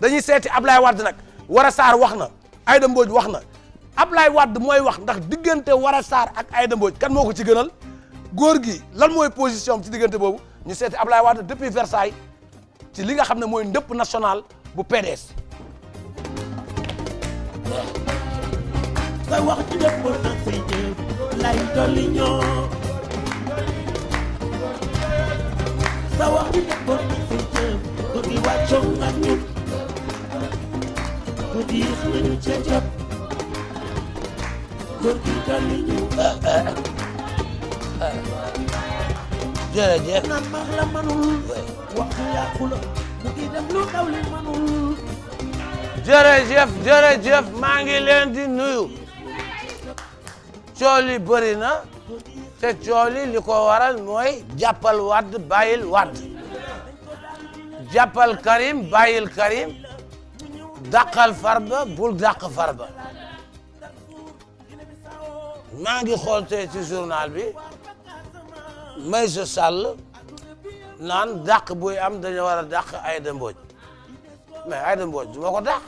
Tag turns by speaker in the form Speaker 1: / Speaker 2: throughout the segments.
Speaker 1: dañuy seeti Ablaye Wade nag Wara saar wax na Aïda Mbodj wax na ab lay Wade mooy wax ndax diggante Wara saar ak Aïda Mbodj kan moo ko ci gënal góor gi lan mooy position ci diggante boobu ñu seeti Ablaye Wade depuis Versailles ci li nga xam ne mooy ndëpp national bu PDS.
Speaker 2: wàccoog ak ñun bu diis ngi
Speaker 1: dem lu leen di nuyu cool bëri na te cool li ko waral mooy jàppal wadd bàyyil wadd jàppal Karim bàyyil Karim dàqal Farba bul dàq Farba maa ngi xool tey ci journal bi Maïssa Sall naan dàq buy am dañu war a dàq Aïda Mbodj mais Aïda Mbodj du ma ko dàq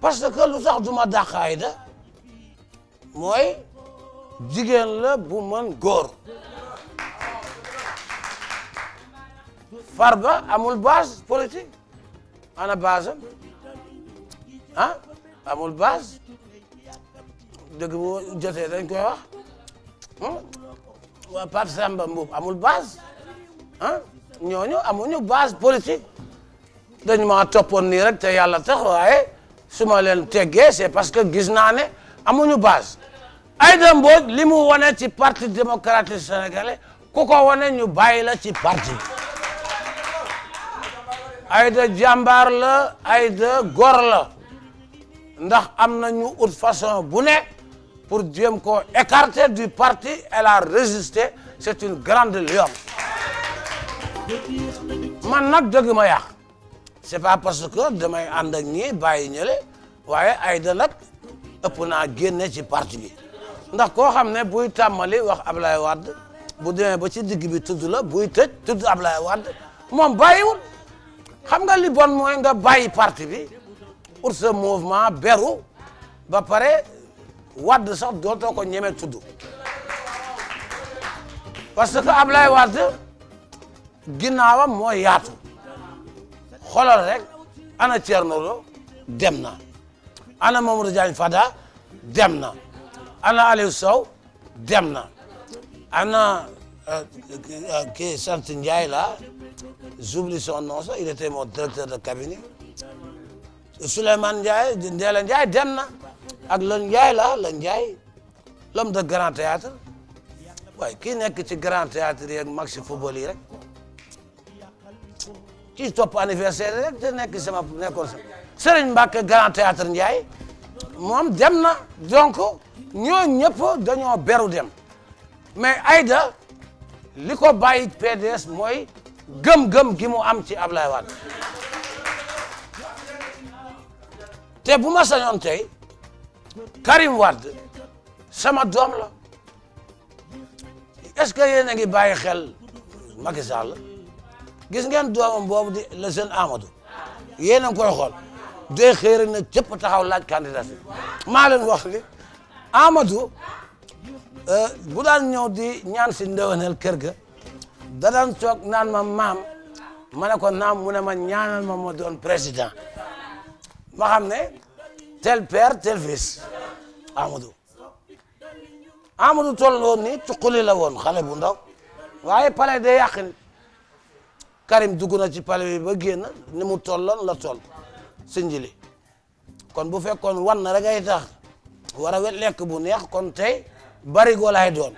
Speaker 1: parce que lu tax du ma dàq Aïda mooy jigéen la bu mën góor Farba amul base politique ana base am ah amul base dëgg jotee dañ koy hmm? waa Pape Samba Mboup amul base ah ñooñu amuñu base politique dañ maa toppoon nii te yàlla tax waaye su ma leen teggee c'est parce que gis naa ne amuñu base Aïda Mbodj li mu wane ci parti démocratique sénégalais ku ko wane ñu bàyyi la ci parti Aida jàmbaar la Aida la ndax am na ñu ut façon bu ne pour jéem ko écarter du parti elle a résisté c'est une grande lionne man nag dëgg ma yàq c'est pas parce que demain ànd ak ñii bàyyi ñële waaye Aida nag ëpp naa génne ci parti bi ndax koo xam ne buy tàmmali wax Ablaye Wade bu demee ba ci digg bi tudd la buy tëj tudd Ablaye Wade moom bàyyiwul xam nga li bon mooy nga bàyyi parti bi pour ce beru ba pare Wade sax dootoo ko ñeme tudd parce que Ablaye Wade ginnaawam moo yaatu xoolal rek ana Thierno Lo dem na ana Mamadou Diagne Fada dem na ana Aliou Sow dem na ana euh, euh, kii sant Ndiaye la j'oublie son nom sax il était mon directeur de cabinet Souleymane Ndiaye Ndéla Ndiaye dem ak Lone Ndiaye la Lone Ndiaye l'homme de grand théâtre waaye kii nekk ci grand théâtre yeeg maxi football yi rek kii topp anniversaire rek te nekk sama nekkoon sama Serigne Mbacke grand théâtre Ndiaye moom dem na donc ñoo ñëpp dañoo beru dem mais Aïda li ko PDS mooy gëm-gëm gi mu am ci Ablaye Wade te bu ma sañoon tey Karim Wade sama doom la est-ce que yéen a ngi bàyyi xel Macky Sall gis ngeen doomam boobu di le jeune Amadou yéen a ngi koy xool day xëy rek taxaw laaj candidat bi maa leen wax ni Amadou euh, bu daan ñëw di ñaan si ndeweneel kër ga da daan toog naan ma maam ma ne ko naam mu ne man ñaanal ma ma doon président ma xam ne tel père tel fils Amadou Amadou toll woon ni cuquli la woon xale bu ndaw waaye palais de yàq Karim dugg na ci palais ba génn ni mu tolloon la toll sinjili kon bu fekkoon wan na rek ay tax war a wet lekk bu neex kon tey barigo laay doon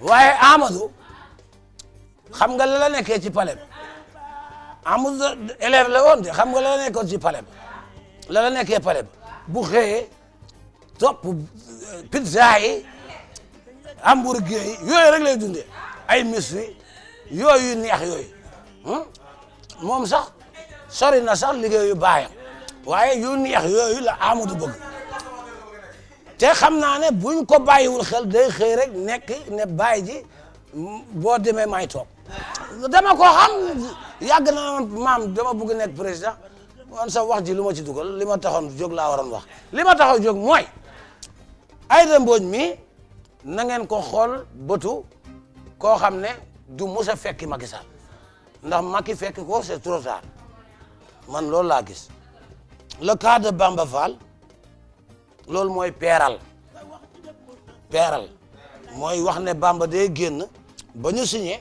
Speaker 1: waaye Amadou xam nga la la nekkee ci palais Amadou élève la woon de xam nga la la nekkoon ci palais la la nekkee palais bu xëyee topp euh, pizza yi hamburger yi yooyu rek lay dundee ay miswi yooyu neex yooyu hmm? moom sax sori na sax liggéeyu baayam waaye yu neex yooyu la Amadou bëgg. te xam naa ne buñ ko bàyyiwul xel day xëy rek nekk ne bàyyi ji boo demee may toog dama ko xam yàgg na maam dama bëgg nekk président wan sa wax ji lu ma ci dugal li ma taxoon jóg laa waroon wax li ma taxaw jóg mooy Aïda Mbodj mi na ngeen ko xool bëtu koo xam ne du mos a fekki Macky Sall ndax Macky fekk ko c'est trop man loolu laa gis le cas de Bamba Fall loolu mooy peeral peeral mooy wax ne Bamba day génn ba ñu signé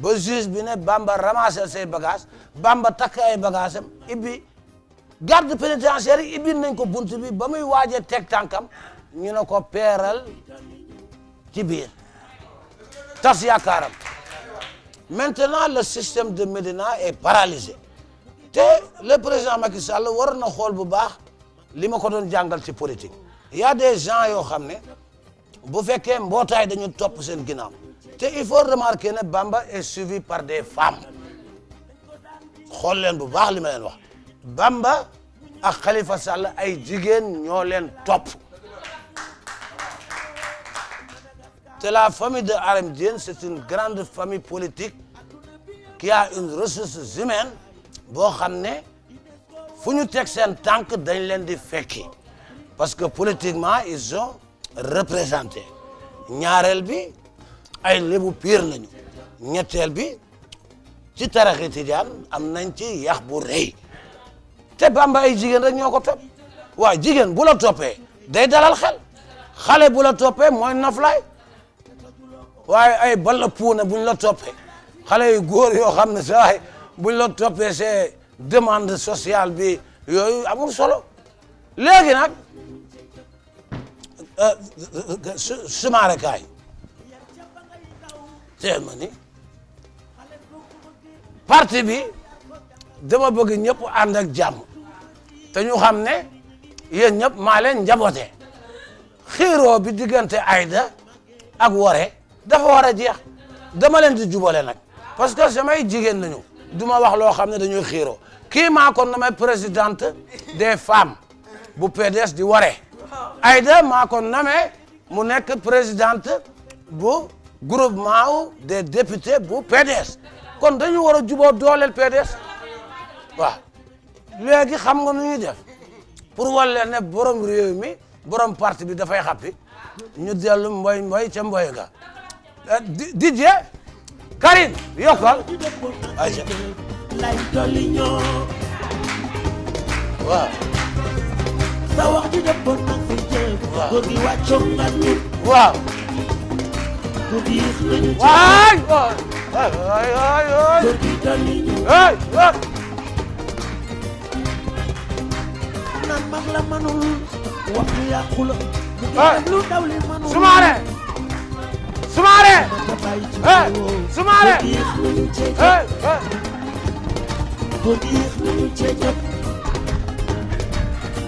Speaker 1: ba juge bi ne Bamba ramassé say bagages Bamba takk ay bagages am ibbi garde pénitentiaire ibbi nañ ko bunt bi ba muy waajee teg tànkam ñu ne ko peeral ci biir tas yaakaaram maintenant le système de Médina est paralysé te le président Macky war na xool bu baax li ma ko doon jàngal ci politique y des gens yoo xam ne bu fekkee mbootaay dañu topp seen ginnaaw te il faut remarquer ne Bamba est suivi par des femmes xool bu baax li ma leen wax Bamba ak Khalifa Sall ay jigéen ñoo leen topp te la famille de Arame Diène c'est une grande famille politique qui a une ressource humaine boo xam ne fu ñu teg seen tànk dañ leen di fekki parce que politiquement ils sont représenté ñaareel bi ay lébu piir nañu ñetteel bi ci taraxi tijaan am nañ ci yax bu rëy te Bamba ay jigéen rek ñoo ko topp waaye jigéen bu la toppee day dalal xel xale bu la toppee mooy noflaay waaye ay balla puuna buñ la toppee xale yu góor yoo xam ne saay buñ la toppee c'est demande social bi yooyu amul solo léegi nag euh, sumaare kaay teel ma ni parti bi dama bëgg ñëpp ànd ak jàmm te ñu xam ne yéen ñëpp maa leen njaboote bi diggante Aïda ak Woré dafa war a jeex dama leen di jubale nag parce que samay jigéen nañu du ma wax loo xam ne dañuy xiiroo kii maa ko nommé présidente des femmes bu PDS di ware Aïda maa ko nommé mu nekk présidente bu groupement wu des députés bu PDS kon dañu war a juboo dooleel PDS waaw léegi xam nga nu ñuy def pour walla ne borom réew mi borom parti bi dafay xappi ñu dellu mboy mboy ca mboy ga eh, Didier Karine yokkal lay dolli
Speaker 2: ñoo sa wax ji dëppoon nag fi jéem góor gi wàccoon nga nit waaw góor gi yéex nañu ci waay waay waay góor gi dolli ñu waay waay naan mag la manul wax lu yàqu la mu ngi dem lu daw li manul sumaare sumaare sumaare ko diir mënu cee jot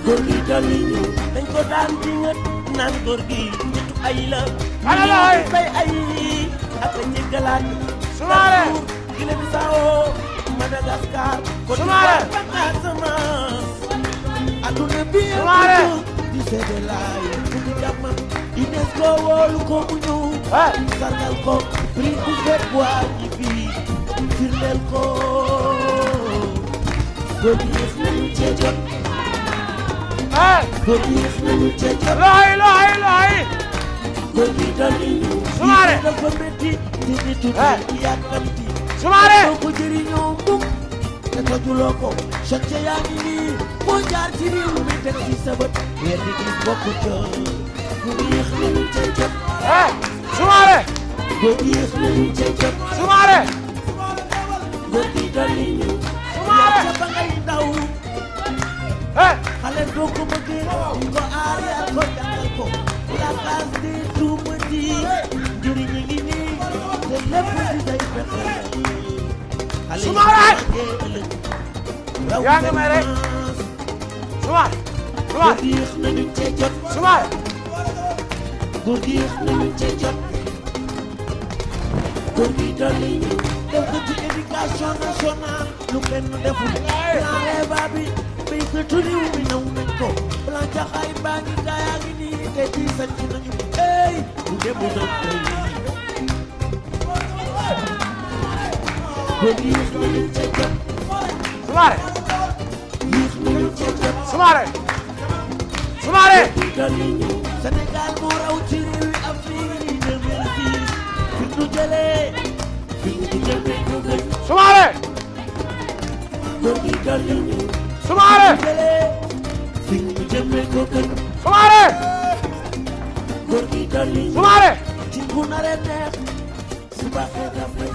Speaker 2: góor gi dolli ñu dañ ko daan di ngët naan góor gi nitu ay la alalaay bay ay ak a jëggalaat sumaare Guinée Bissau Madagascar ko sumaare Casamance aduna bi sumaare di seede laay ku di jàmmam UNESCO woolu ko mu ñëw sargal ko prix bu fet waa ji bi firndeel ko bët yées nañu cee jot. bët yées nañu cee jot. looy looy looy. bët yi dolli ñu. sumaare lii dafa métti. nit ñi tuuti yàkkamti. sumaare doo ko jëriñoo mukk. te tojuloo ko. chaque yaa ngi nii. moo jaar ci réew mi teg ci sa bët. weer bi gis bokk ca. bët yées nañu cee jot. sumaare. bët yées nañu cee jot. sumaare. bët yi dolli ñu. ca ba ngay ndaw xale boo ko bëggee di ko aar yaa ko jàngal ko la base de tout petit njëriñ yi ngi nii te lépp di day fexe suma rek yaa ngi may rek suma suma góor nañu ci jot suma góor nañu ci jot góor gi dolli ñu def ko ci éducation nationale lu kenn deful ñaare baa bi béy ko bi naw nañ ko plan jaxaay baa ngi gaayaa ngi nii te ci sañ ci nañu ey bu démb doon tey kon yéex nañu ca jot sumaare yéex nañu ca jot sumaare sumaare Sénégal moo raw ci réew yi Afrique yi demee fii fi ñu jëlee fi ñu jëlee sumaare Soumaré Soumaré Soumaré